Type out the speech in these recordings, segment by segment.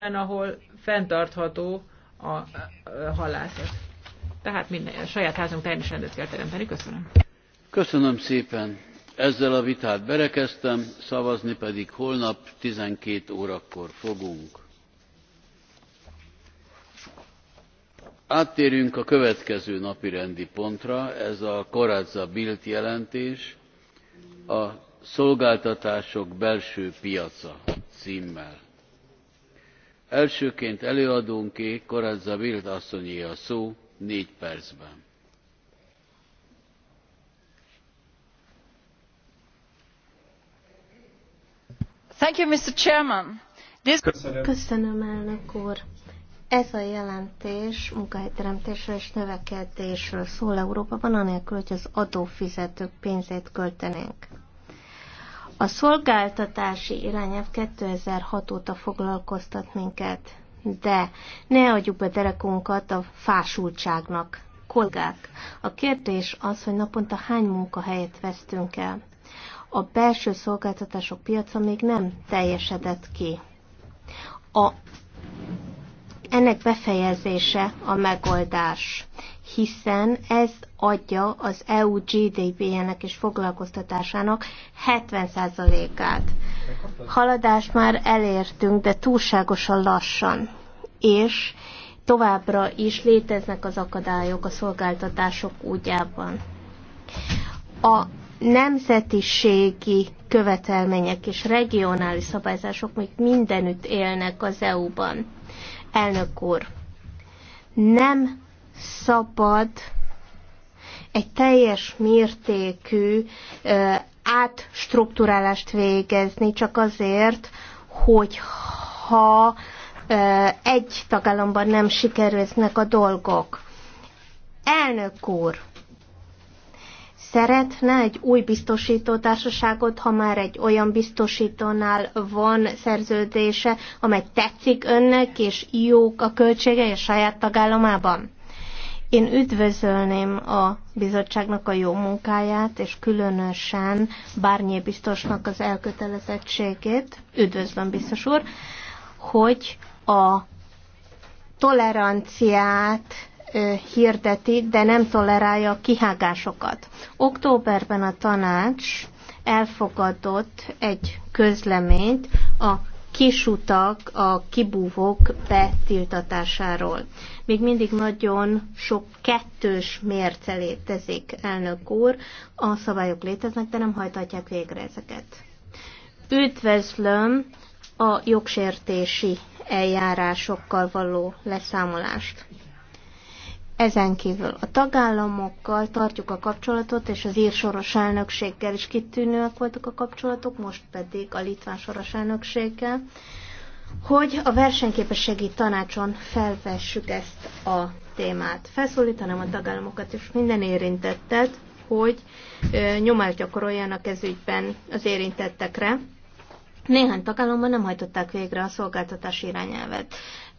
ahol fenntartható a, a, a halászat. Tehát minden, a saját házunk teljes rendet kell teremteni. Köszönöm. Köszönöm szépen. Ezzel a vitát berekeztem, szavazni pedig holnap 12 órakor fogunk. Áttérünk a következő napi rendi pontra, ez a Koradza Bilt jelentés, a szolgáltatások belső piaca címmel elsőként előadónké corazza bildt asszonyé a szó négy percben. You, This... Köszönöm. Köszönöm, elnök úr. Ez a jelentés munkahelyteremtésről és növekedésről szól Európában, anélkül, hogy az adófizetők pénzét költenénk. A szolgáltatási irányelv 2006 óta foglalkoztat minket, de ne adjuk be derekunkat a fásultságnak. Kolgák, a kérdés az, hogy naponta hány munkahelyet vesztünk el. A belső szolgáltatások piaca még nem teljesedett ki. A ennek befejezése a megoldás, hiszen ez adja az EU GDP-jének és foglalkoztatásának 70%-át. Haladást már elértünk, de túlságosan lassan, és továbbra is léteznek az akadályok a szolgáltatások útjában. A nemzetiségi követelmények és regionális szabályzások még mindenütt élnek az EU-ban. Elnök úr, nem szabad egy teljes mértékű átstruktúrálást végezni, csak azért, hogy ha egy tagállamban nem sikerülnek a dolgok. Elnök úr, szeretne egy új biztosítótársaságot, ha már egy olyan biztosítónál van szerződése, amely tetszik önnek, és jók a költségei a saját tagállamában? Én üdvözölném a bizottságnak a jó munkáját, és különösen Bárnyé biztosnak az elkötelezettségét, üdvözlöm biztos úr, hogy a toleranciát hirdeti, de nem tolerálja a kihágásokat. Októberben a tanács elfogadott egy közleményt a kisutak, a kibúvók betiltatásáról még mindig nagyon sok kettős mérce létezik, elnök úr. A szabályok léteznek, de nem hajtatják végre ezeket. Üdvözlöm a jogsértési eljárásokkal való leszámolást. Ezen kívül a tagállamokkal tartjuk a kapcsolatot, és az ír soros elnökséggel is kitűnőek voltak a kapcsolatok, most pedig a litván soros elnökséggel hogy a versenyképességi tanácson felvessük ezt a témát. Felszólítanám a tagállamokat és minden érintettet, hogy nyomást gyakoroljanak ez ügyben az érintettekre. Néhány tagállamban nem hajtották végre a szolgáltatás irányelvet.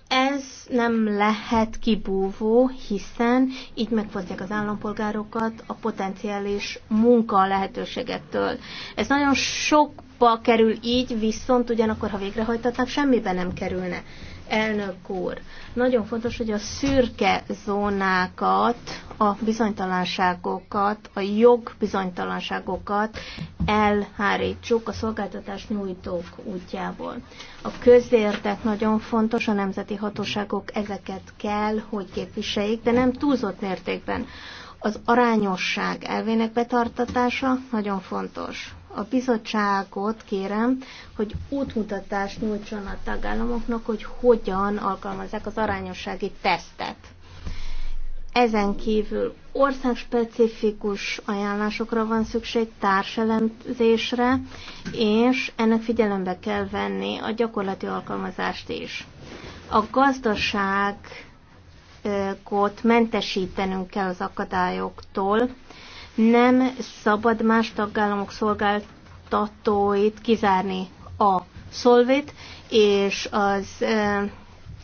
Ez nem lehet kibúvó, hiszen így megfosztják az állampolgárokat a potenciális munka lehetőségektől. Ez nagyon sok ba kerül így, viszont ugyanakkor, ha végrehajtatnak, semmibe nem kerülne. Elnök úr, nagyon fontos, hogy a szürke zónákat, a bizonytalanságokat, a jogbizonytalanságokat elhárítsuk a szolgáltatás nyújtók útjából. A közérdek nagyon fontos, a nemzeti hatóságok ezeket kell, hogy képviseljék, de nem túlzott mértékben. Az arányosság elvének betartatása nagyon fontos a bizottságot kérem, hogy útmutatást nyújtson a tagállamoknak, hogy hogyan alkalmazzák az arányossági tesztet. Ezen kívül országspecifikus ajánlásokra van szükség, társelemzésre, és ennek figyelembe kell venni a gyakorlati alkalmazást is. A gazdaságot mentesítenünk kell az akadályoktól, nem szabad más tagállamok szolgáltatóit kizárni a szolvét, és az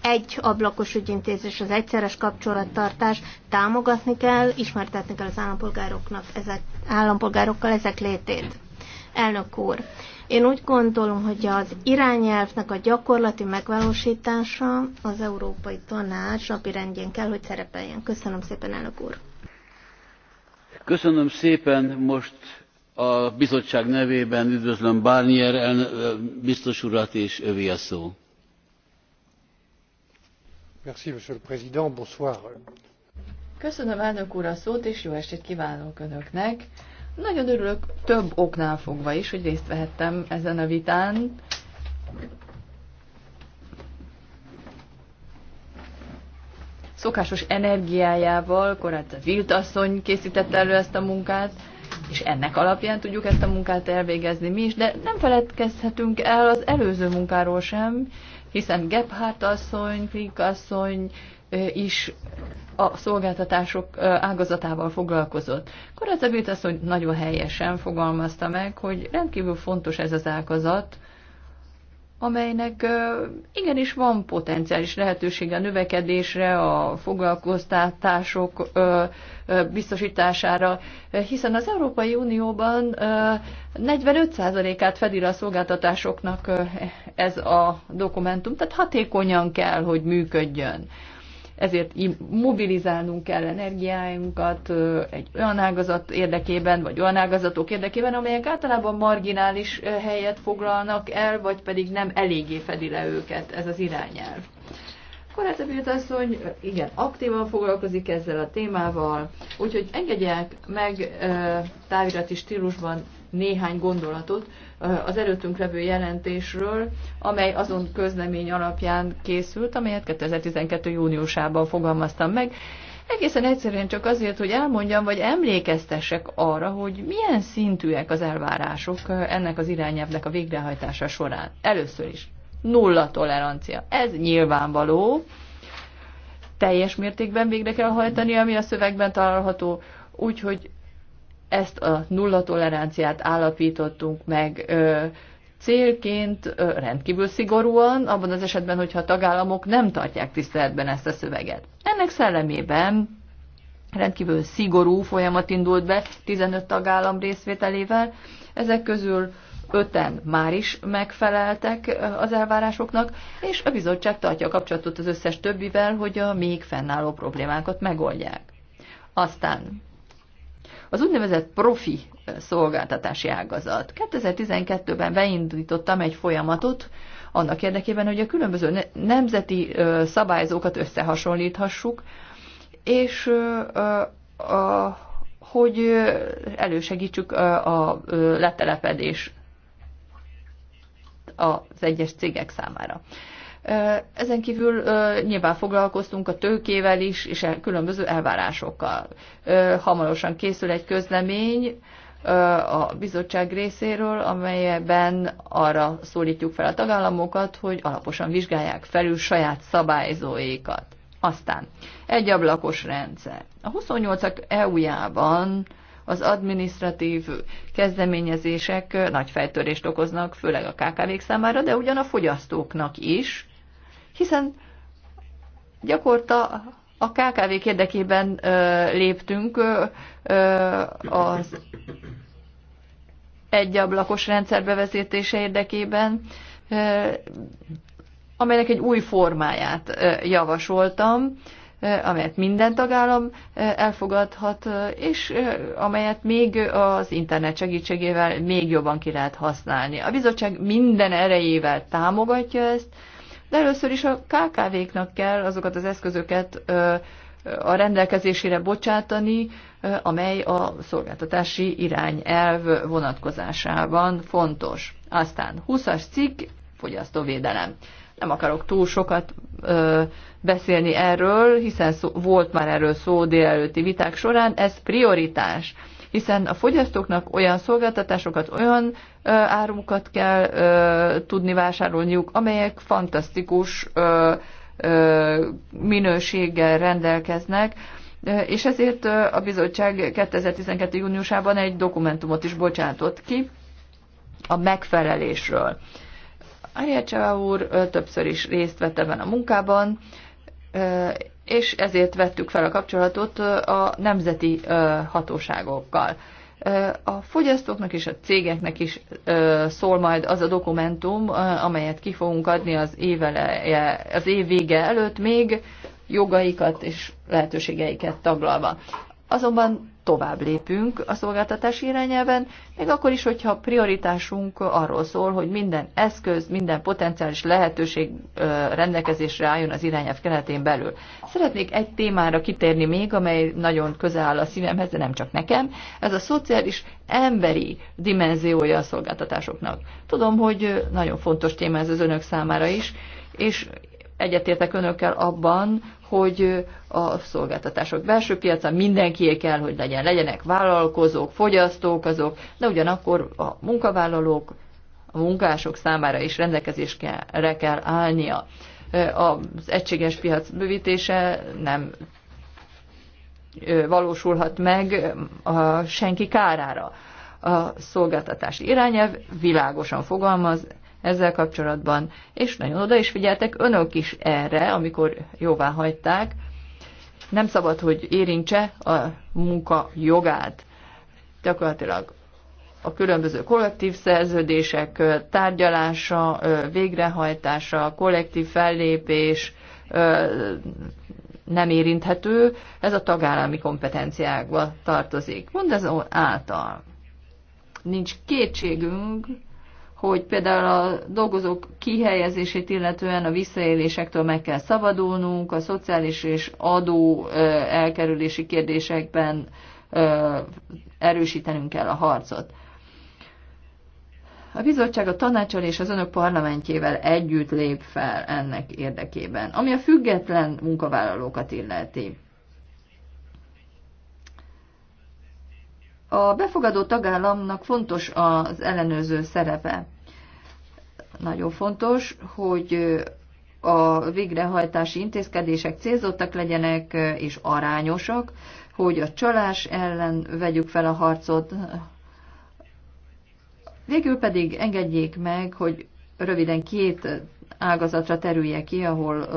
egy ablakos ügyintézés, az egyszeres kapcsolattartás támogatni kell, ismertetni kell az állampolgároknak ezek, állampolgárokkal ezek létét. Elnök úr, én úgy gondolom, hogy az irányelvnek a gyakorlati megvalósítása az Európai Tanács napi rendjén kell, hogy szerepeljen. Köszönöm szépen, elnök úr! Köszönöm szépen, most a bizottság nevében üdvözlöm Barnier biztos urat, és övé a szó. Köszönöm elnök úr a szót, és jó estét kívánok önöknek. Nagyon örülök több oknál fogva is, hogy részt vehettem ezen a vitán. szokásos energiájával, Vilt asszony készítette elő ezt a munkát, és ennek alapján tudjuk ezt a munkát elvégezni mi is, de nem feledkezhetünk el az előző munkáról sem, hiszen Gebhardt asszony, Krik asszony is a szolgáltatások ágazatával foglalkozott. Koracebilt asszony nagyon helyesen fogalmazta meg, hogy rendkívül fontos ez az ágazat, amelynek igenis van potenciális lehetősége a növekedésre, a foglalkoztatások biztosítására, hiszen az Európai Unióban 45%-át fedi a szolgáltatásoknak ez a dokumentum, tehát hatékonyan kell, hogy működjön ezért mobilizálnunk kell energiáinkat egy olyan ágazat érdekében, vagy olyan ágazatok érdekében, amelyek általában marginális helyet foglalnak el, vagy pedig nem eléggé fedi le őket ez az irányelv. Korábbi asszony igen, aktívan foglalkozik ezzel a témával, úgyhogy engedjék meg távirati stílusban néhány gondolatot az előttünk levő jelentésről, amely azon közlemény alapján készült, amelyet 2012. júniusában fogalmaztam meg. Egészen egyszerűen csak azért, hogy elmondjam, vagy emlékeztessek arra, hogy milyen szintűek az elvárások ennek az irányelvnek a végrehajtása során. Először is nulla tolerancia. Ez nyilvánvaló. Teljes mértékben végre kell hajtani, ami a szövegben található, úgyhogy ezt a nulla toleranciát állapítottunk meg célként rendkívül szigorúan, abban az esetben, hogyha a tagállamok nem tartják tiszteletben ezt a szöveget. Ennek szellemében rendkívül szigorú folyamat indult be 15 tagállam részvételével. Ezek közül öten már is megfeleltek az elvárásoknak, és a bizottság tartja a kapcsolatot az összes többivel, hogy a még fennálló problémákat megoldják. Aztán az úgynevezett profi szolgáltatási ágazat. 2012-ben beindítottam egy folyamatot, annak érdekében, hogy a különböző nemzeti szabályzókat összehasonlíthassuk, és hogy elősegítsük a letelepedés az egyes cégek számára. Ezen kívül nyilván foglalkoztunk a tőkével is, és e- különböző elvárásokkal. Hamarosan készül egy közlemény a bizottság részéről, amelyben arra szólítjuk fel a tagállamokat, hogy alaposan vizsgálják felül saját szabályzóikat. Aztán egy ablakos rendszer. A 28-ak EU-jában az adminisztratív kezdeményezések nagy fejtörést okoznak, főleg a KKV-k számára, de ugyan a fogyasztóknak is, hiszen gyakorta a kkv érdekében ö, léptünk ö, ö, az egyablakos rendszer bevezetése érdekében, ö, amelynek egy új formáját ö, javasoltam, ö, amelyet minden tagállam ö, elfogadhat, ö, és ö, amelyet még az internet segítségével még jobban ki lehet használni. A bizottság minden erejével támogatja ezt, ö, de először is a KKV-knak kell azokat az eszközöket a rendelkezésére bocsátani, amely a szolgáltatási irányelv vonatkozásában fontos. Aztán 20-as cikk, fogyasztóvédelem. Nem akarok túl sokat ö, beszélni erről, hiszen szó, volt már erről szó délelőtti viták során, ez prioritás hiszen a fogyasztóknak olyan szolgáltatásokat, olyan árukat kell tudni vásárolniuk, amelyek fantasztikus minőséggel rendelkeznek, és ezért a bizottság 2012. júniusában egy dokumentumot is bocsátott ki a megfelelésről. Ariácsa úr többször is részt vett ebben a munkában, és ezért vettük fel a kapcsolatot a nemzeti hatóságokkal. A fogyasztóknak és a cégeknek is szól majd az a dokumentum, amelyet ki fogunk adni az, éveleje, az év vége előtt még, jogaikat és lehetőségeiket taglalva. Azonban tovább lépünk a szolgáltatás irányelven, még akkor is, hogyha prioritásunk arról szól, hogy minden eszköz, minden potenciális lehetőség rendelkezésre álljon az irányelv keretén belül. Szeretnék egy témára kitérni még, amely nagyon közel áll a szívemhez, de nem csak nekem. Ez a szociális emberi dimenziója a szolgáltatásoknak. Tudom, hogy nagyon fontos téma ez az önök számára is, és egyetértek önökkel abban, hogy a szolgáltatások belső piaca mindenkié kell, hogy legyen. Legyenek vállalkozók, fogyasztók azok, de ugyanakkor a munkavállalók, a munkások számára is rendelkezésre kell állnia. Az egységes piac bővítése nem valósulhat meg senki kárára. A szolgáltatási irányelv világosan fogalmaz ezzel kapcsolatban, és nagyon oda is figyeltek önök is erre, amikor jóvá hagyták. Nem szabad, hogy érintse a munka jogát. Gyakorlatilag a különböző kollektív szerződések tárgyalása, végrehajtása, kollektív fellépés nem érinthető, ez a tagállami kompetenciákba tartozik. Mondezó által nincs kétségünk, hogy például a dolgozók kihelyezését illetően a visszaélésektől meg kell szabadulnunk, a szociális és adó elkerülési kérdésekben erősítenünk kell a harcot. A bizottság a tanácsal és az önök parlamentjével együtt lép fel ennek érdekében, ami a független munkavállalókat illeti. A befogadó tagállamnak fontos az ellenőrző szerepe. Nagyon fontos, hogy a végrehajtási intézkedések célzottak legyenek és arányosak, hogy a csalás ellen vegyük fel a harcot. Végül pedig engedjék meg, hogy röviden két ágazatra terüljek ki, ahol,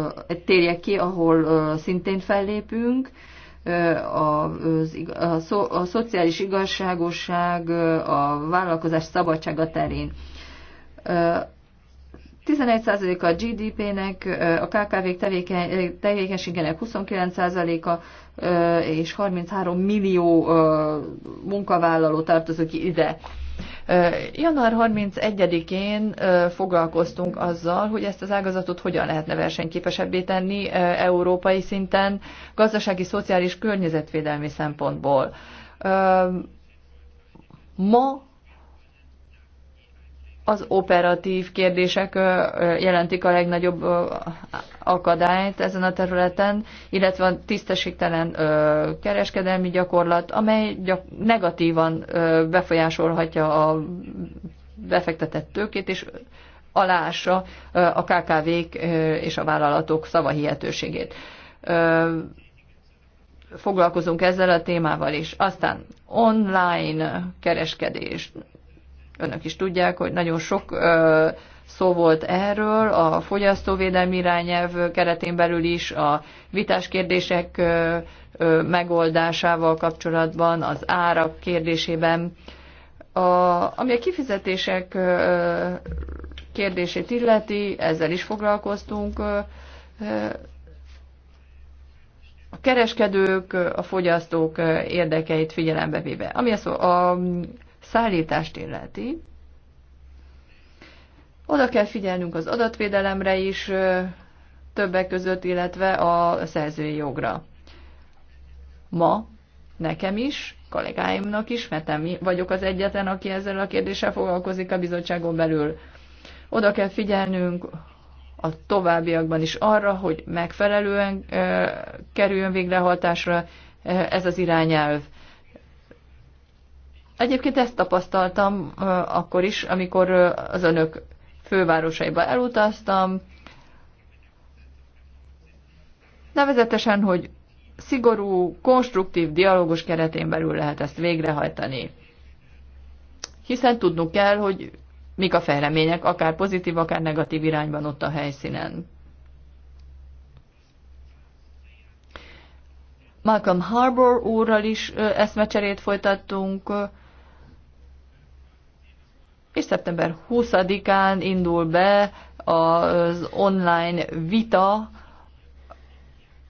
térjek ki, ahol szintén fellépünk a, a, a szociális igazságosság, a vállalkozás szabadsága terén. 11% a GDP-nek, a KKV-k tevékenységének 29%-a és 33 millió munkavállaló tartozik ide. Január 31-én foglalkoztunk azzal, hogy ezt az ágazatot hogyan lehetne versenyképesebbé tenni európai szinten, gazdasági, szociális, környezetvédelmi szempontból. Ma az operatív kérdések jelentik a legnagyobb akadályt ezen a területen, illetve a tisztességtelen kereskedelmi gyakorlat, amely gyak negatívan befolyásolhatja a befektetett tőkét, és alása a KKV-k és a vállalatok szavahihetőségét. Foglalkozunk ezzel a témával is. Aztán online kereskedés önök is tudják, hogy nagyon sok szó volt erről, a fogyasztóvédelmi irányelv keretén belül is, a vitás kérdések megoldásával kapcsolatban, az árak kérdésében. A, ami a kifizetések kérdését illeti, ezzel is foglalkoztunk. A kereskedők, a fogyasztók érdekeit figyelembe véve. Ami a, szó, a szállítást illeti, oda kell figyelnünk az adatvédelemre is, többek között, illetve a szerzői jogra. Ma nekem is, kollégáimnak is, mert nem vagyok az egyetlen, aki ezzel a kérdéssel foglalkozik a bizottságon belül. Oda kell figyelnünk a továbbiakban is arra, hogy megfelelően kerüljön végrehajtásra ez az irányelv. Egyébként ezt tapasztaltam akkor is, amikor az önök fővárosaiba elutaztam. Nevezetesen, hogy szigorú, konstruktív dialógus keretén belül lehet ezt végrehajtani. Hiszen tudnunk kell, hogy mik a fejlemények, akár pozitív, akár negatív irányban ott a helyszínen. Malcolm Harbour úrral is eszmecserét folytattunk, és szeptember 20-án indul be az online vita,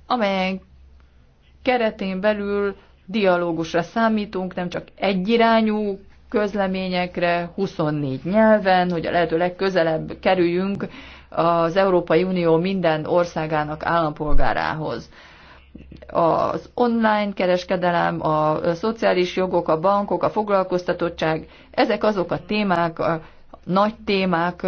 amelyen keretén belül dialógusra számítunk, nem csak egyirányú közleményekre, 24 nyelven, hogy a lehető legközelebb kerüljünk az Európai Unió minden országának állampolgárához az online kereskedelem, a szociális jogok, a bankok, a foglalkoztatottság, ezek azok a témák, a nagy témák,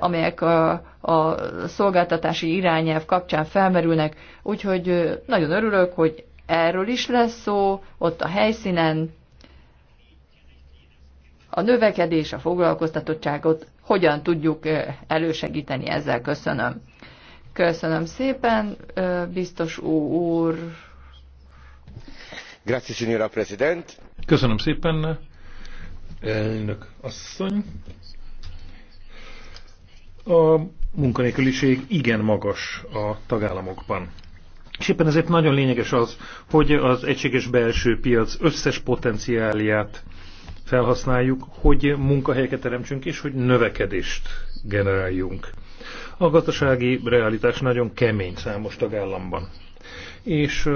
amelyek a, a szolgáltatási irányelv kapcsán felmerülnek. Úgyhogy nagyon örülök, hogy erről is lesz szó, ott a helyszínen a növekedés, a foglalkoztatottságot hogyan tudjuk elősegíteni ezzel. Köszönöm. Köszönöm szépen, biztos úr. Grazie, signora president. Köszönöm szépen, elnök asszony. A munkanélküliség igen magas a tagállamokban. És éppen ezért nagyon lényeges az, hogy az egységes belső piac összes potenciáliát felhasználjuk, hogy munkahelyeket teremtsünk és hogy növekedést generáljunk. A gazdasági realitás nagyon kemény számos tagállamban. És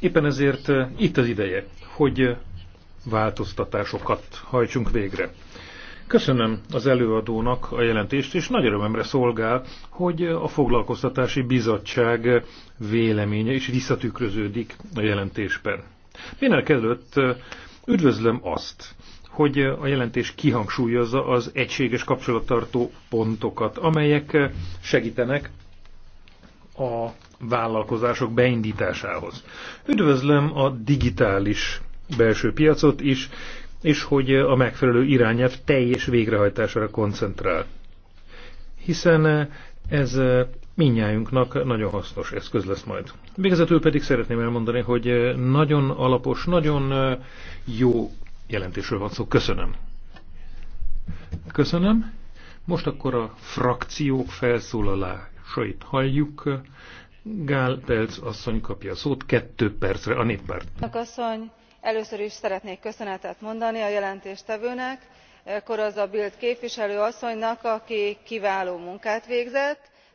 éppen ezért itt az ideje, hogy változtatásokat hajtsunk végre. Köszönöm az előadónak a jelentést, és nagy örömemre szolgál, hogy a Foglalkoztatási Bizottság véleménye is visszatükröződik a jelentésben. Mindenek előtt üdvözlöm azt, hogy a jelentés kihangsúlyozza az egységes kapcsolattartó pontokat, amelyek segítenek a vállalkozások beindításához. Üdvözlöm a digitális belső piacot is, és hogy a megfelelő irányelv teljes végrehajtására koncentrál. Hiszen ez minnyájunknak nagyon hasznos eszköz lesz majd. Végezetül pedig szeretném elmondani, hogy nagyon alapos, nagyon jó jelentésről van szó. Köszönöm. Köszönöm. Most akkor a frakciók felszólalásait halljuk. Gál Pelc asszony kapja a szót kettő percre a néppárt. Asszony, először is szeretnék köszönetet mondani a jelentéstevőnek, Koroza Bild képviselő asszonynak, aki kiváló munkát végzett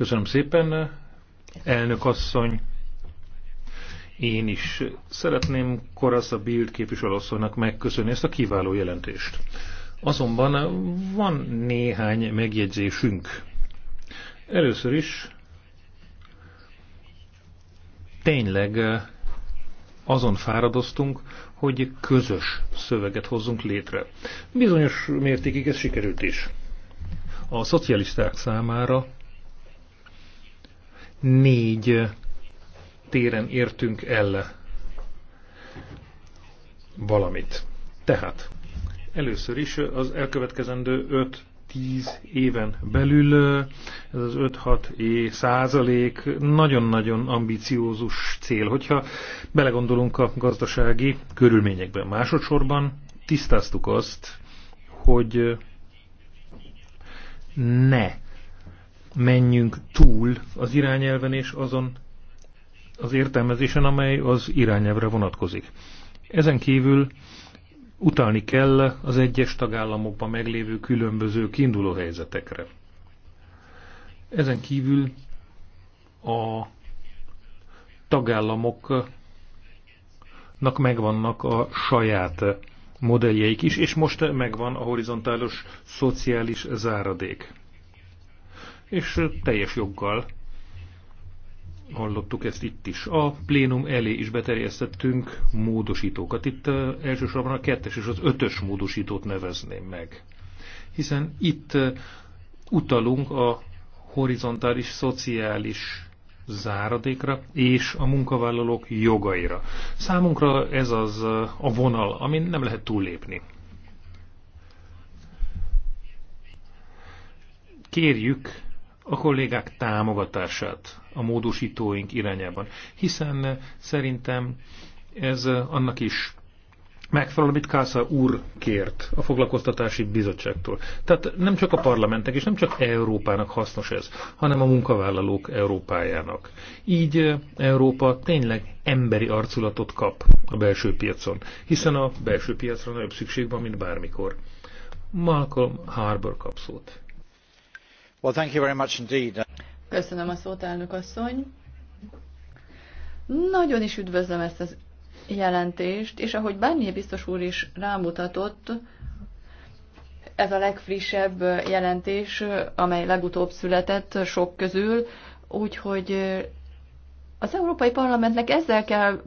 Köszönöm szépen, elnök asszony. Én is szeretném Korasz a Bild képviselőasszonynak megköszönni ezt a kiváló jelentést. Azonban van néhány megjegyzésünk. Először is tényleg azon fáradoztunk, hogy közös szöveget hozzunk létre. Bizonyos mértékig ez sikerült is. A szocialisták számára négy téren értünk el valamit. Tehát először is az elkövetkezendő 5-10 éven belül ez az 5-6 százalék nagyon-nagyon ambiciózus cél, hogyha belegondolunk a gazdasági körülményekben. Másodszorban tisztáztuk azt, hogy ne menjünk túl az irányelven és azon az értelmezésen, amely az irányelvre vonatkozik. Ezen kívül utalni kell az egyes tagállamokban meglévő különböző kiinduló helyzetekre. Ezen kívül a tagállamoknak megvannak a saját modelljeik is, és most megvan a horizontális szociális záradék és teljes joggal hallottuk ezt itt is. A plénum elé is beterjesztettünk módosítókat. Itt elsősorban a kettes és az ötös módosítót nevezném meg. Hiszen itt utalunk a horizontális szociális záradékra és a munkavállalók jogaira. Számunkra ez az a vonal, amin nem lehet túllépni. Kérjük a kollégák támogatását a módosítóink irányában, hiszen szerintem ez annak is megfelelő, amit Kásza úr kért a foglalkoztatási bizottságtól. Tehát nem csak a parlamentek és nem csak Európának hasznos ez, hanem a munkavállalók Európájának. Így Európa tényleg emberi arculatot kap a belső piacon, hiszen a belső piacra nagyobb szükség van, mint bármikor. Malcolm Harbour kap szót. Köszönöm a szót, elnök asszony. Nagyon is üdvözlöm ezt a jelentést, és ahogy Barnier biztos úr is rámutatott, ez a legfrissebb jelentés, amely legutóbb született sok közül, úgyhogy az Európai Parlamentnek ezzel kell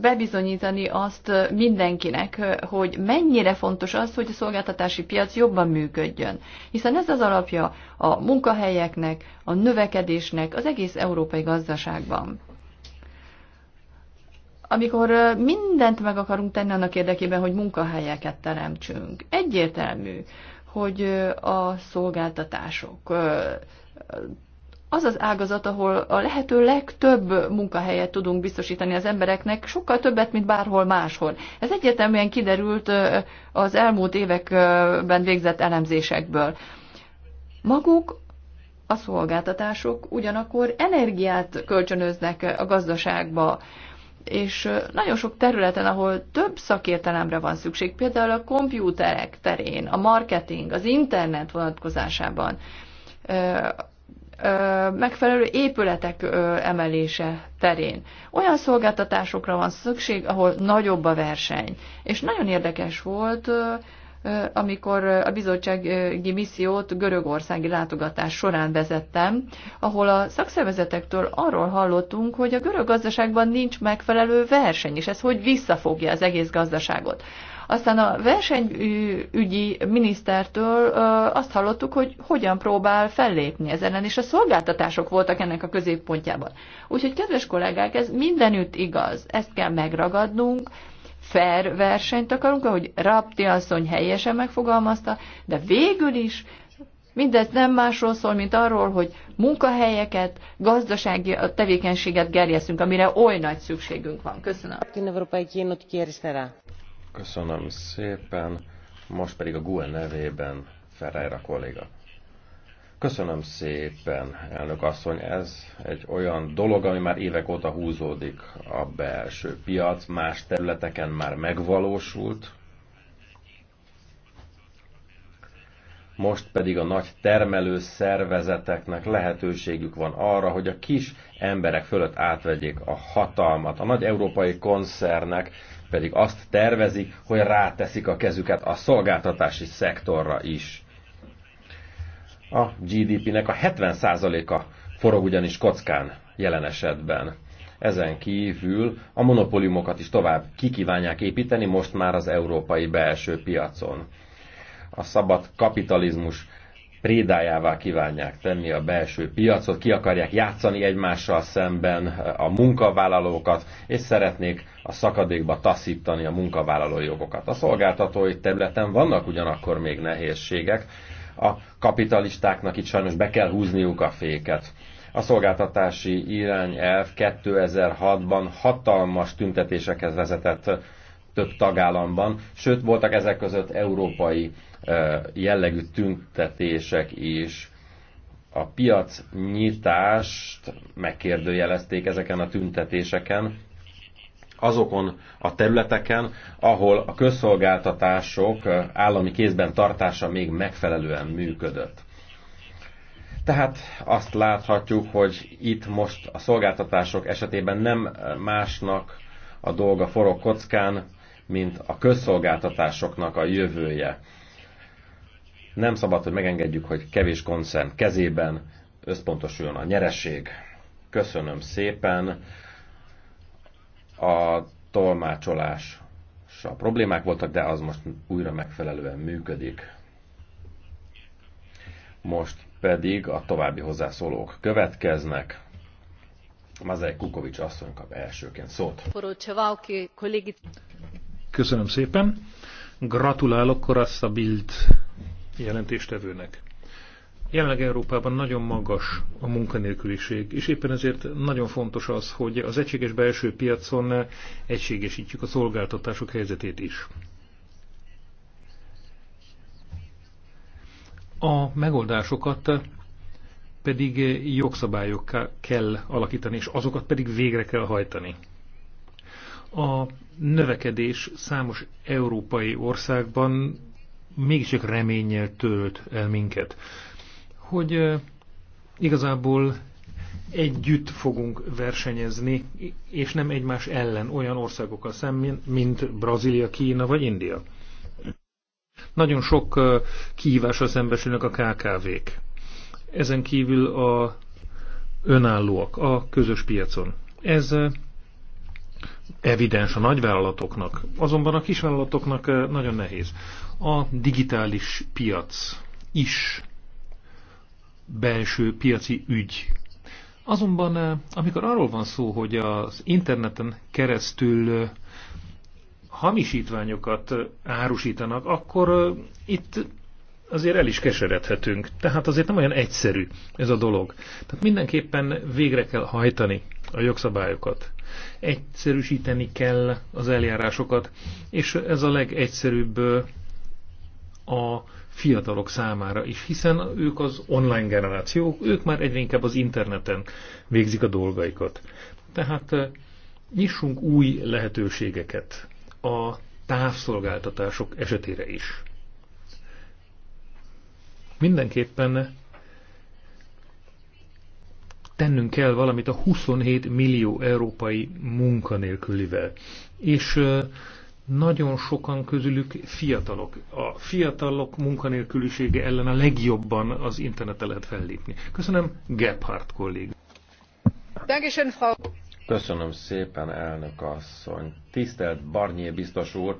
bebizonyítani azt mindenkinek, hogy mennyire fontos az, hogy a szolgáltatási piac jobban működjön. Hiszen ez az alapja a munkahelyeknek, a növekedésnek, az egész európai gazdaságban. Amikor mindent meg akarunk tenni annak érdekében, hogy munkahelyeket teremtsünk, egyértelmű, hogy a szolgáltatások az az ágazat, ahol a lehető legtöbb munkahelyet tudunk biztosítani az embereknek, sokkal többet, mint bárhol máshol. Ez egyértelműen kiderült az elmúlt években végzett elemzésekből. Maguk a szolgáltatások ugyanakkor energiát kölcsönöznek a gazdaságba, és nagyon sok területen, ahol több szakértelemre van szükség, például a kompjúterek terén, a marketing, az internet vonatkozásában, megfelelő épületek emelése terén. Olyan szolgáltatásokra van szükség, ahol nagyobb a verseny. És nagyon érdekes volt, amikor a bizottsági missziót görögországi látogatás során vezettem, ahol a szakszervezetektől arról hallottunk, hogy a görög gazdaságban nincs megfelelő verseny, és ez hogy visszafogja az egész gazdaságot. Aztán a versenyügyi minisztertől azt hallottuk, hogy hogyan próbál fellépni ez ellen, és a szolgáltatások voltak ennek a középpontjában. Úgyhogy, kedves kollégák, ez mindenütt igaz, ezt kell megragadnunk, fair versenyt akarunk, ahogy Rapti asszony helyesen megfogalmazta, de végül is mindez nem másról szól, mint arról, hogy munkahelyeket, gazdasági tevékenységet gerjeszünk, amire oly nagy szükségünk van. Köszönöm. Köszönöm szépen. Most pedig a Google nevében Ferreira kolléga. Köszönöm szépen, elnök asszony. Ez egy olyan dolog, ami már évek óta húzódik a belső piac. Más területeken már megvalósult. Most pedig a nagy termelő szervezeteknek lehetőségük van arra, hogy a kis emberek fölött átvegyék a hatalmat. A nagy európai koncernek pedig azt tervezik, hogy ráteszik a kezüket a szolgáltatási szektorra is. A GDP-nek a 70%-a forog ugyanis kockán jelen esetben. Ezen kívül a monopóliumokat is tovább kikívánják építeni most már az európai belső piacon. A szabad kapitalizmus prédájává kívánják tenni a belső piacot, ki akarják játszani egymással szemben eh, a munkavállalókat, és szeretnék a szakadékba taszítani a munkavállalói jogokat. A szolgáltatói területen vannak ugyanakkor még nehézségek, a kapitalistáknak itt sajnos be kell húzniuk a féket. A szolgáltatási irányelv 2006-ban hatalmas tüntetésekhez vezetett több tagállamban, sőt voltak ezek között európai jellegű tüntetések is a piac nyitást megkérdőjelezték ezeken a tüntetéseken, azokon a területeken, ahol a közszolgáltatások állami kézben tartása még megfelelően működött. Tehát azt láthatjuk, hogy itt most a szolgáltatások esetében nem másnak a dolga forog kockán, mint a közszolgáltatásoknak a jövője. Nem szabad, hogy megengedjük, hogy kevés koncern kezében összpontosuljon a nyereség. Köszönöm szépen. A tolmácsolás a problémák voltak, de az most újra megfelelően működik. Most pedig a további hozzászólók következnek. Mazaj Kukovics asszony kap elsőként szót. Köszönöm szépen. Gratulálok Korassa Bild jelentéstevőnek. Jelenleg Európában nagyon magas a munkanélküliség, és éppen ezért nagyon fontos az, hogy az egységes belső piacon egységesítjük a szolgáltatások helyzetét is. A megoldásokat pedig jogszabályokká kell alakítani, és azokat pedig végre kell hajtani. A növekedés számos európai országban mégis csak reménnyel tölt el minket, hogy igazából együtt fogunk versenyezni, és nem egymás ellen olyan országokkal szemben, mint Brazília, Kína vagy India. Nagyon sok kihívással szembesülnek a KKV-k. Ezen kívül a önállóak a közös piacon. Ez evidens a nagyvállalatoknak, azonban a kisvállalatoknak eh, nagyon nehéz. A digitális piac is belső piaci ügy. Azonban, eh, amikor arról van szó, hogy az interneten keresztül eh, hamisítványokat árusítanak, akkor itt azért el is keseredhetünk. Tehát azért nem olyan egyszerű ez a dolog. Tehát mindenképpen végre kell hajtani a jogszabályokat. Egyszerűsíteni kell az eljárásokat, és ez a legegyszerűbb a fiatalok számára is, hiszen ők az online generáció, ők már egyre inkább az interneten végzik a dolgaikat. Tehát nyissunk új lehetőségeket a távszolgáltatások esetére is. Mindenképpen tennünk kell valamit a 27 millió európai munkanélkülivel. És nagyon sokan közülük fiatalok. A fiatalok munkanélkülisége ellen a legjobban az interneten lehet fellépni. Köszönöm, Gebhardt kollég. Köszönöm szépen, elnök asszony. Tisztelt Barnyé biztos úr,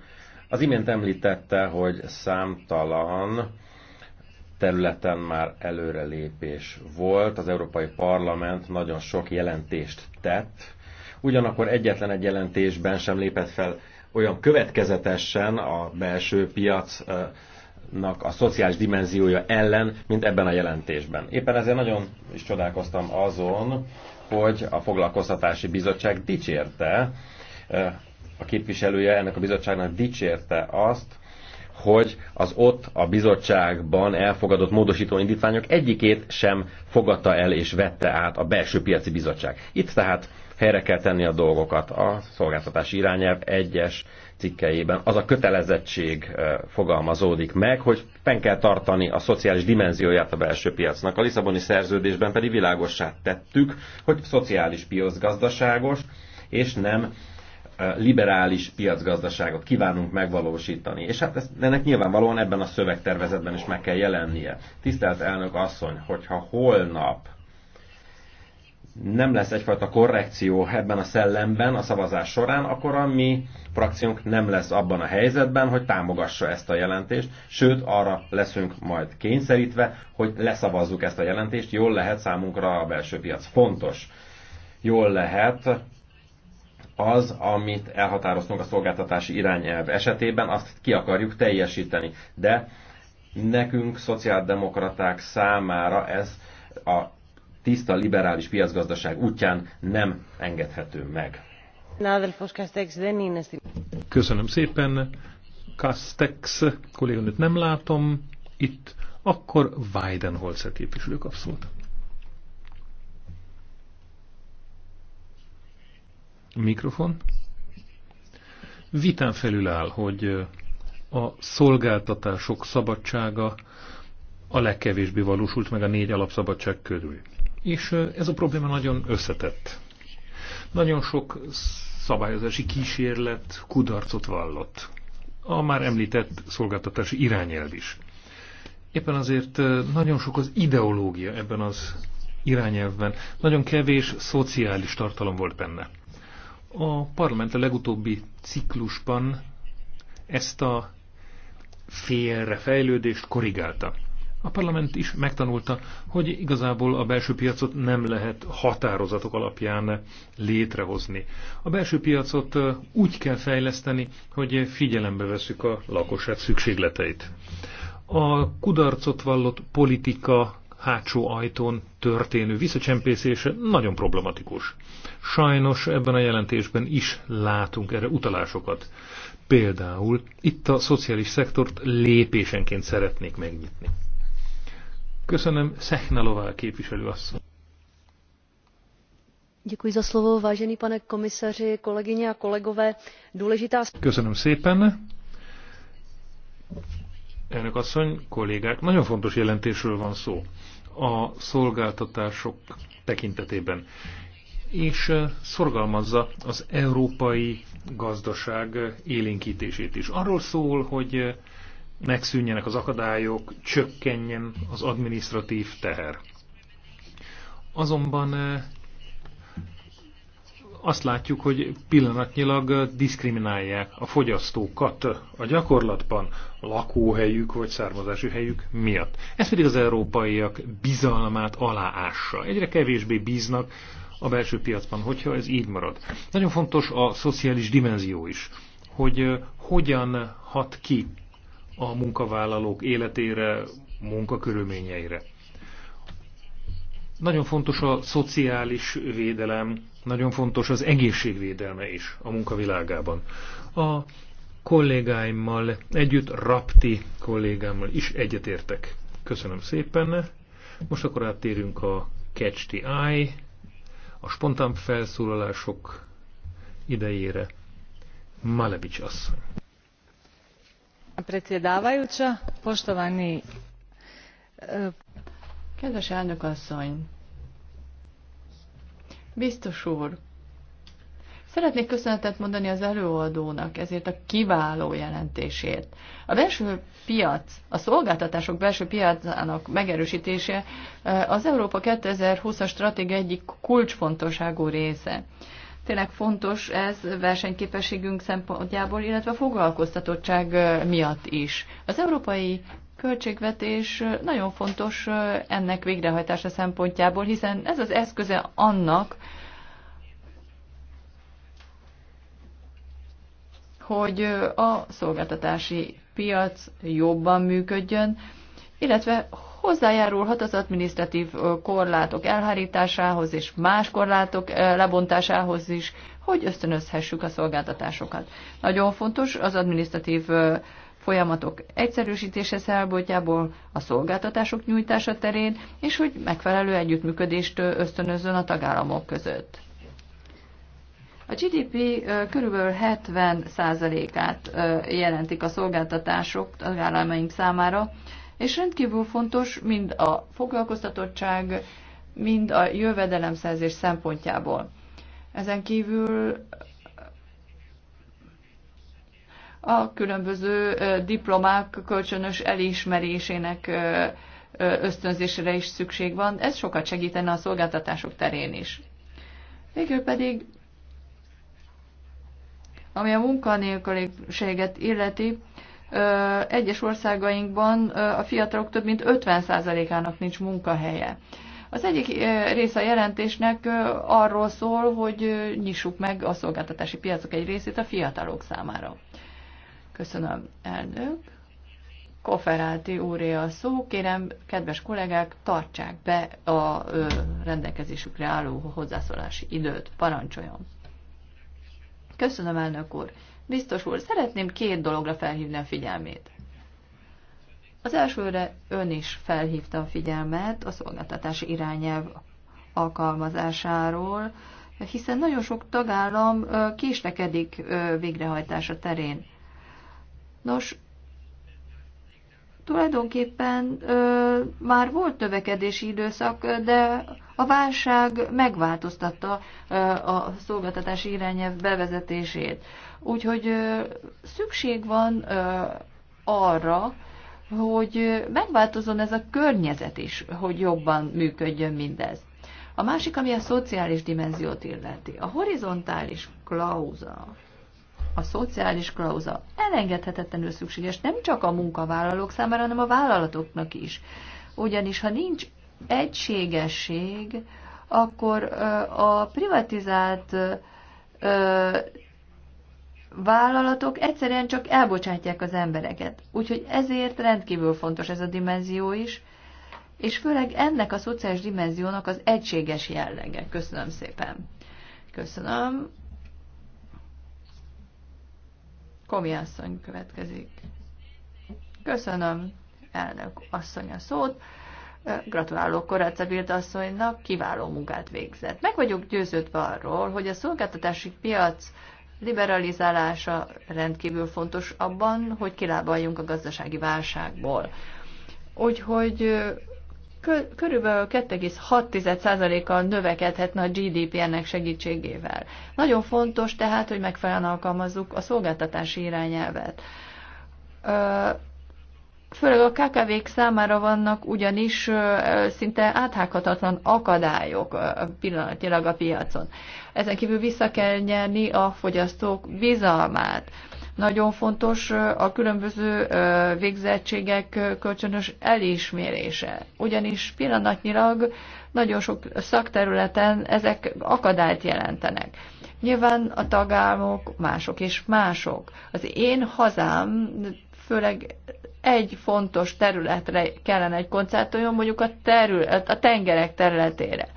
az imént említette, hogy számtalan területen már előrelépés volt. Az Európai Parlament nagyon sok jelentést tett, ugyanakkor egyetlen egy jelentésben sem lépett fel olyan következetesen a belső piacnak a szociális dimenziója ellen, mint ebben a jelentésben. Éppen ezért nagyon is csodálkoztam azon, hogy a Foglalkoztatási Bizottság dicsérte, eh, a képviselője ennek a bizottságnak dicsérte azt, hogy az ott a bizottságban elfogadott módosító indítványok egyikét sem fogadta el és vette át a belső piaci bizottság. Itt tehát helyre kell tenni a dolgokat. A szolgáltatási irányelv egyes cikkeiben az a kötelezettség eh, fogalmazódik meg, hogy fenn kell tartani a szociális dimenzióját a belső piacnak. A Lisszaboni szerződésben pedig világossá tettük, hogy szociális piac gazdaságos, és nem liberális piacgazdaságot kívánunk megvalósítani. És hát ezt, ennek nyilvánvalóan ebben a szövegtervezetben is meg kell jelennie. Tisztelt elnök asszony, hogyha holnap nem lesz egyfajta korrekció ebben a szellemben a szavazás során, akkor a mi frakciónk nem lesz abban a helyzetben, hogy támogassa ezt a jelentést, sőt arra leszünk majd kényszerítve, hogy leszavazzuk ezt a jelentést, jól lehet számunkra a belső piac fontos. Jól lehet, az, amit elhatároztunk a szolgáltatási irányelv esetében, azt ki akarjuk teljesíteni. De nekünk, szociáldemokraták számára ez a tiszta liberális piacgazdaság útján nem engedhető meg. Köszönöm szépen. Kastex kolléganőt nem látom itt, akkor Weidenholzer képviselő kap Mikrofon. Vitán felül áll, hogy a szolgáltatások szabadsága a legkevésbé valósult meg a négy alapszabadság körül. És ez a probléma nagyon összetett. Nagyon sok szabályozási kísérlet kudarcot vallott. A már említett szolgáltatási irányelv is. Éppen azért nagyon sok az ideológia ebben az irányelvben. Nagyon kevés szociális tartalom volt benne. A parlament a legutóbbi ciklusban ezt a félrefejlődést korrigálta. A parlament is megtanulta, hogy igazából a belső piacot nem lehet határozatok alapján létrehozni. A belső piacot úgy kell fejleszteni, hogy figyelembe veszük a lakosság szükségleteit. A kudarcot vallott politika hátsó ajtón történő visszacsempészése nagyon problematikus. Sajnos ebben a jelentésben is látunk erre utalásokat. Például itt a szociális szektort lépésenként szeretnék megnyitni. Köszönöm Szechnalová képviselő asszony. Děkuji za slovo, vážený pane komisaři, kolegyně a kolegové. Důležitá... Köszönöm szépen. Elnök asszony, kollégák, nagyon fontos jelentésről van szó a szolgáltatások tekintetében, és szorgalmazza az európai gazdaság élénkítését is. Arról szól, hogy megszűnjenek az akadályok, csökkenjen az administratív teher. Azonban azt látjuk, hogy pillanatnyilag diszkriminálják a fogyasztókat a gyakorlatban lakóhelyük vagy származási helyük miatt. Ez pedig az európaiak bizalmát aláássa. Egyre kevésbé bíznak a belső piacban, hogyha ez így marad. Nagyon fontos a szociális dimenzió is, hogy hogyan hat ki a munkavállalók életére, munkakörülményeire. Nagyon fontos a szociális védelem, nagyon fontos az egészségvédelme is a munkavilágában. A kollégáimmal együtt, Rapti kollégámmal is egyetértek. Köszönöm szépen. Most akkor áttérünk a Catch the Eye, a spontán felszólalások idejére. Malevics asszony. Predsjedavajuća, poštovani... Eh, Kedves elnök asszony, Biztos úr, Szeretnék köszönetet mondani az előadónak ezért a kiváló jelentésért. A belső piac, a szolgáltatások belső piacának megerősítése eh, az Európa 2020-as stratégia egyik kulcsfontosságú része. Tényleg fontos ez versenyképességünk szempontjából, illetve a foglalkoztatottság eh, miatt is. Az európai költségvetés nagyon fontos ennek végrehajtása szempontjából, hiszen ez az eszköze annak, hogy a szolgáltatási piac jobban működjön, illetve hozzájárulhat az administratív korlátok elhárításához és más korlátok lebontásához is, hogy ösztönözhessük a szolgáltatásokat. Nagyon fontos az administratív folyamatok egyszerűsítése szempontjából, a szolgáltatások nyújtása terén, és hogy megfelelő együttműködést ösztönözzön a tagállamok között. A GDP körülbelül 70%-át jelentik a szolgáltatások tagállamaink számára, és rendkívül fontos mind a foglalkoztatottság, mind a jövedelemszerzés szempontjából. Ezen kívül a különböző diplomák kölcsönös elismerésének ösztönzésére is szükség van. Ez sokat segítene a szolgáltatások terén is. Végül pedig, ami a munkanélküliséget illeti, egyes országainkban a fiatalok több mint 50%-ának nincs munkahelye. Az egyik része a jelentésnek arról szól, hogy nyissuk meg a szolgáltatási piacok egy részét a fiatalok számára. Köszönöm, elnök. Koferáti úré a szó. Kérem, kedves kollégák, tartsák be a ö, rendelkezésükre álló hozzászólási időt. Parancsoljon. Köszönöm, elnök úr. Biztos úr, szeretném két dologra felhívni a figyelmét. Az elsőre ön is felhívta a figyelmet a szolgáltatási irányelv alkalmazásáról, hiszen nagyon sok tagállam késlekedik végrehajtása terén. Nos, tulajdonképpen ö, már volt növekedési időszak, de a válság megváltoztatta ö, a szolgáltatási irányelv bevezetését. Úgyhogy ö, szükség van ö, arra, hogy megváltozon ez a környezet is, hogy jobban működjön mindez. A másik, ami a szociális dimenziót illeti, a horizontális klauza, a szociális klauza elengedhetetlenül szükséges nem csak a munkavállalók számára, hanem a vállalatoknak is. Ugyanis, ha nincs egységesség, akkor a privatizált vállalatok egyszerűen csak elbocsátják az embereket. Úgyhogy ezért rendkívül fontos ez a dimenzió is, és főleg ennek a szociális dimenziónak az egységes jellege. Köszönöm szépen. Köszönöm. Komi asszony következik. Köszönöm, elnök asszony a szót. Gratulálok Bild asszonynak, kiváló munkát végzett. Meg vagyok győződve arról, hogy a szolgáltatási piac liberalizálása rendkívül fontos abban, hogy kilábaljunk a gazdasági válságból. Úgyhogy körülbelül 2,6%-kal növekedhetne a gdp ennek segítségével. Nagyon fontos tehát, hogy megfelelően alkalmazzuk a szolgáltatási irányelvet. Főleg a KKV-k számára vannak ugyanis szinte áthághatatlan akadályok pillanatilag a piacon. Ezen kívül vissza kell nyerni a fogyasztók bizalmát nagyon fontos a különböző végzettségek kölcsönös elismérése, ugyanis pillanatnyilag nagyon sok szakterületen ezek akadályt jelentenek. Nyilván a tagállamok mások és mások. Az én hazám főleg egy fontos területre kellene egy koncertoljon, mondjuk a, terület, a tengerek területére.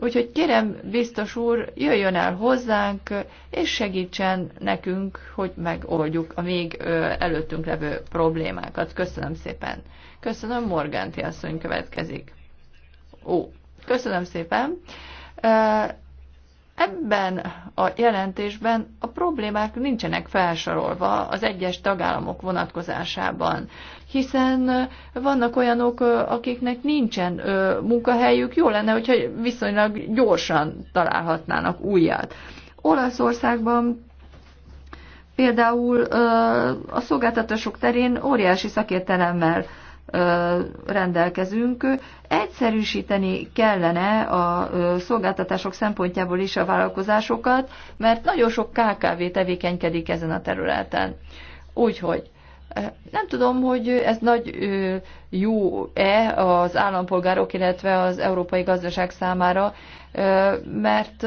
Úgyhogy kérem, biztos úr, jöjjön el hozzánk, és segítsen nekünk, hogy megoldjuk a még előttünk levő problémákat. Köszönöm szépen. Köszönöm, Morganti asszony következik. Ó, köszönöm szépen. Ebben a jelentésben a problémák nincsenek felsorolva az egyes tagállamok vonatkozásában, hiszen vannak olyanok, akiknek nincsen munkahelyük, jó lenne, hogyha viszonylag gyorsan találhatnának újat. Olaszországban például a szolgáltatások terén óriási szakértelemmel rendelkezünk. Egyszerűsíteni kellene a szolgáltatások szempontjából is a vállalkozásokat, mert nagyon sok KKV tevékenykedik ezen a területen. Úgyhogy nem tudom, hogy ez nagy jó-e az állampolgárok, illetve az európai gazdaság számára, mert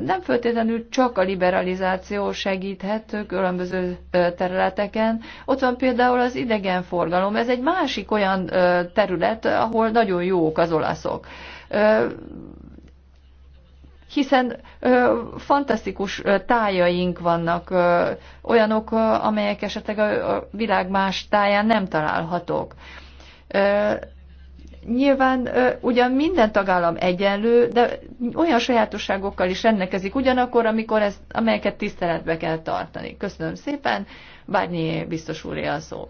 nem föltétlenül csak a liberalizáció segíthet különböző területeken. Ott van például az idegenforgalom, ez egy másik olyan terület, ahol nagyon jók az olaszok. Hiszen ö, fantasztikus tájaink vannak, ö, olyanok, amelyek esetleg a, a világ más táján nem találhatók. Ö, Nyilván ugyan minden tagállam egyenlő, de olyan sajátosságokkal is rendelkezik ugyanakkor, amikor ezt, amelyeket tiszteletbe kell tartani. Köszönöm szépen, Bárnyi biztos úré a szó.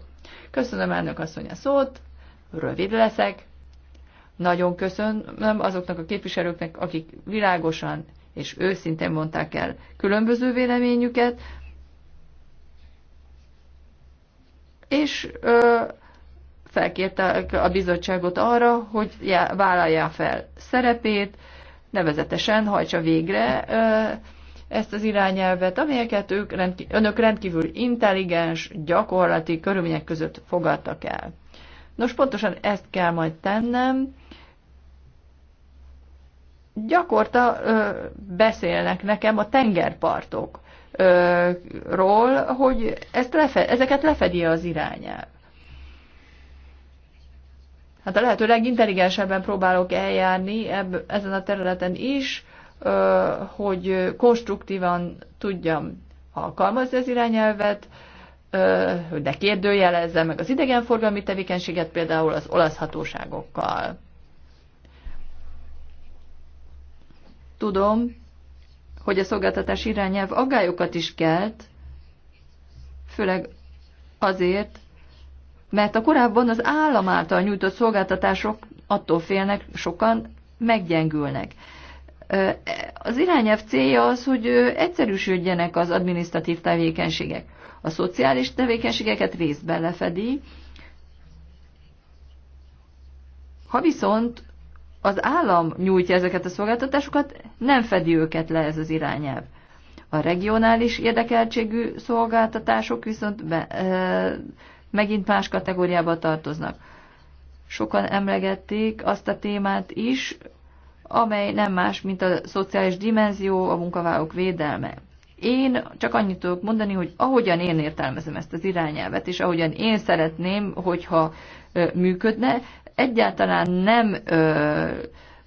Köszönöm elnök asszony a szót, rövid leszek. Nagyon köszönöm azoknak a képviselőknek, akik világosan és őszintén mondták el különböző véleményüket. És ö, felkérte a bizottságot arra, hogy vállalja fel szerepét, nevezetesen hajtsa végre ezt az irányelvet, amelyeket ők rendkívül, önök rendkívül intelligens, gyakorlati körülmények között fogadtak el. Nos, pontosan ezt kell majd tennem. Gyakorta ö, beszélnek nekem a tengerpartokról, hogy ezt lefe, ezeket lefedi az irányelv hát a lehető legintelligensebben próbálok eljárni ebb, ezen a területen is, hogy konstruktívan tudjam alkalmazni az irányelvet, hogy ne kérdőjelezzem meg az idegenforgalmi tevékenységet például az olasz hatóságokkal. Tudom, hogy a szolgáltatás irányelv aggályokat is kelt, főleg azért, mert a korábban az állam által nyújtott szolgáltatások attól félnek, sokan meggyengülnek. Az irányelv célja az, hogy egyszerűsödjenek az adminisztratív tevékenységek. A szociális tevékenységeket részben lefedi, ha viszont az állam nyújtja ezeket a szolgáltatásokat, nem fedi őket le ez az irányelv. A regionális érdekeltségű szolgáltatások viszont be, megint más kategóriába tartoznak. Sokan emlegették azt a témát is, amely nem más, mint a szociális dimenzió, a munkavállalók védelme. Én csak annyit tudok mondani, hogy ahogyan én értelmezem ezt az irányelvet, és ahogyan én szeretném, hogyha működne, egyáltalán nem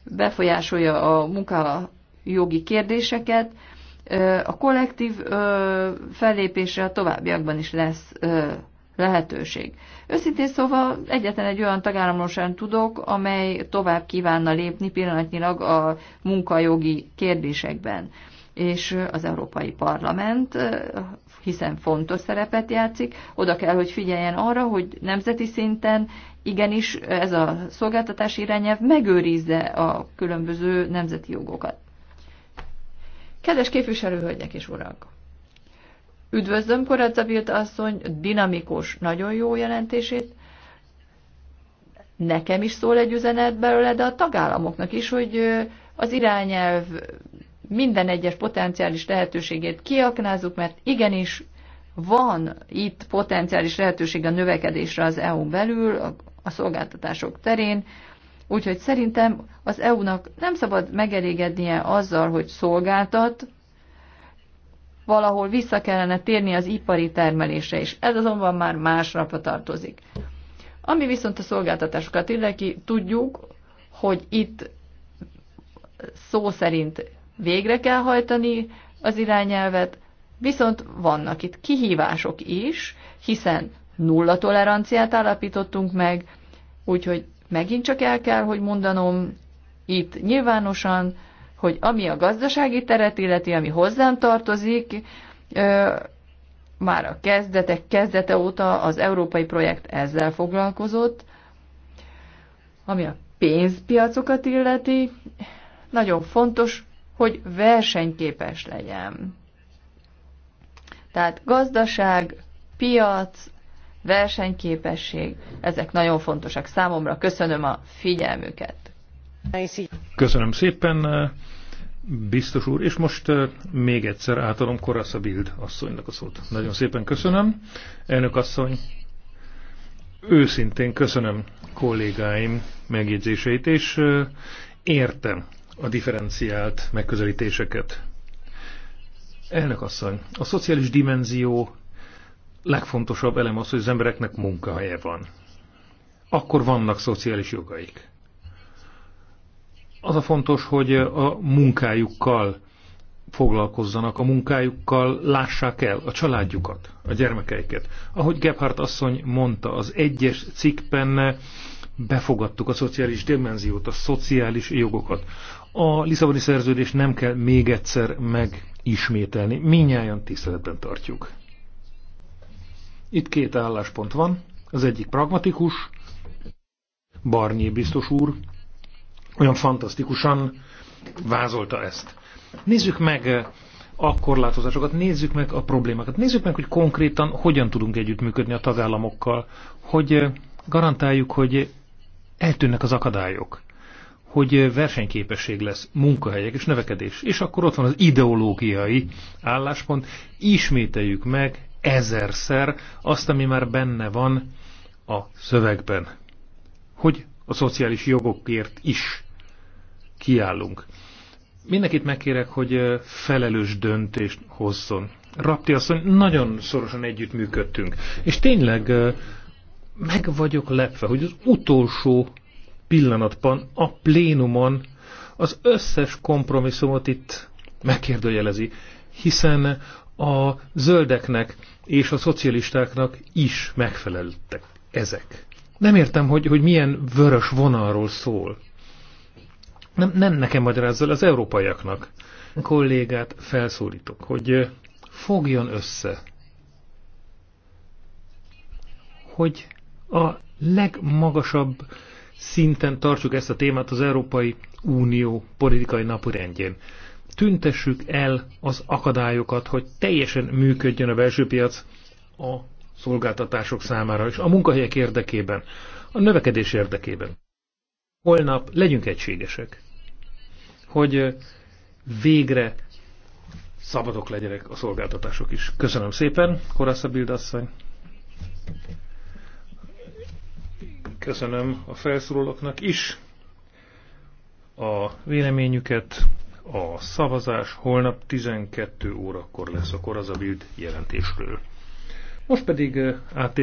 befolyásolja a munkajogi kérdéseket. a kollektív fellépésre a továbbiakban is lesz lehetőség. Őszintén szóval egyetlen egy olyan tagállamról sem tudok, amely tovább kívánna lépni pillanatnyilag a munkajogi kérdésekben. És az Európai Parlament, hiszen fontos szerepet játszik, oda kell, hogy figyeljen arra, hogy nemzeti szinten igenis ez a szolgáltatási irányelv megőrizze a különböző nemzeti jogokat. Kedves képviselőhölgyek és urak! Üdvözlöm Koracabilt asszony dinamikus, nagyon jó jelentését. Nekem is szól egy üzenet belőle, de a tagállamoknak is, hogy az irányelv minden egyes potenciális lehetőségét kiaknázzuk, mert igenis van itt potenciális lehetőség a növekedésre az EU belül, a szolgáltatások terén, úgyhogy szerintem az EU-nak nem szabad megelégednie azzal, hogy szolgáltat, valahol vissza kellene térni az ipari termelésre is. Ez azonban már más napra tartozik. Ami viszont a szolgáltatásokat illeti, tudjuk, hogy itt szó szerint végre kell hajtani az irányelvet, viszont vannak itt kihívások is, hiszen nulla toleranciát állapítottunk meg, úgyhogy megint csak el kell, hogy mondanom itt nyilvánosan, hogy ami a gazdasági teret illeti, ami hozzám tartozik, már a kezdetek kezdete óta az európai projekt ezzel foglalkozott, ami a pénzpiacokat illeti, nagyon fontos, hogy versenyképes legyen. Tehát gazdaság, piac, versenyképesség, ezek nagyon fontosak számomra. Köszönöm a figyelmüket. Köszönöm szépen, biztos úr, és most még egyszer átadom Korasza Bild asszonynak a szót. Nagyon szépen köszönöm, elnök asszony. Őszintén köszönöm kollégáim megjegyzéseit, és értem a differenciált megközelítéseket. Elnök asszony, a szociális dimenzió legfontosabb elem az, hogy az embereknek munkahelye van. Akkor vannak szociális jogaik. Az a fontos, hogy a munkájukkal foglalkozzanak, a munkájukkal lássák el a családjukat, a gyermekeiket. Ahogy Gebhardt asszony mondta, az egyes cikkben befogadtuk a szociális dimenziót, a szociális jogokat. A Lisszaboni szerződés nem kell még egyszer megismételni. Minnyáján tiszteletben tartjuk. Itt két álláspont van. Az egyik pragmatikus, Barnyé biztos úr olyan fantasztikusan vázolta ezt. Nézzük meg eh, a korlátozásokat, nézzük meg a problémákat, nézzük meg, hogy konkrétan hogyan tudunk együttműködni a tagállamokkal, hogy eh, garantáljuk, hogy eltűnnek az akadályok, hogy eh, versenyképesség lesz, munkahelyek és növekedés. És akkor ott van az ideológiai álláspont, ismételjük meg ezerszer azt, ami már benne van a szövegben. Hogy a szociális jogokért is kiállunk. Mindenkit megkérek, hogy felelős döntést hozzon. Rapti asszony, nagyon szorosan együttműködtünk, és tényleg meg vagyok lepve, hogy az utolsó pillanatban a plénumon az összes kompromisszumot itt megkérdőjelezi, hiszen a zöldeknek és a szocialistáknak is megfeleltek ezek. Nem értem, hogy, hogy milyen vörös vonalról szól. Nem, nem nekem magyarázzal, az európaiaknak. A kollégát felszólítok, hogy fogjon össze, hogy a legmagasabb szinten tartsuk ezt a témát az Európai Unió politikai napirendjén. Tüntessük el az akadályokat, hogy teljesen működjön a belső piac a szolgáltatások számára és a munkahelyek érdekében, a növekedés érdekében. Holnap legyünk egységesek, hogy végre szabadok legyenek a szolgáltatások is. Köszönöm szépen, Korasza Bildasszony. Köszönöm a felszólalóknak is a véleményüket. A szavazás holnap 12 órakor lesz a Korazabild jelentésről. Most pedig áttérünk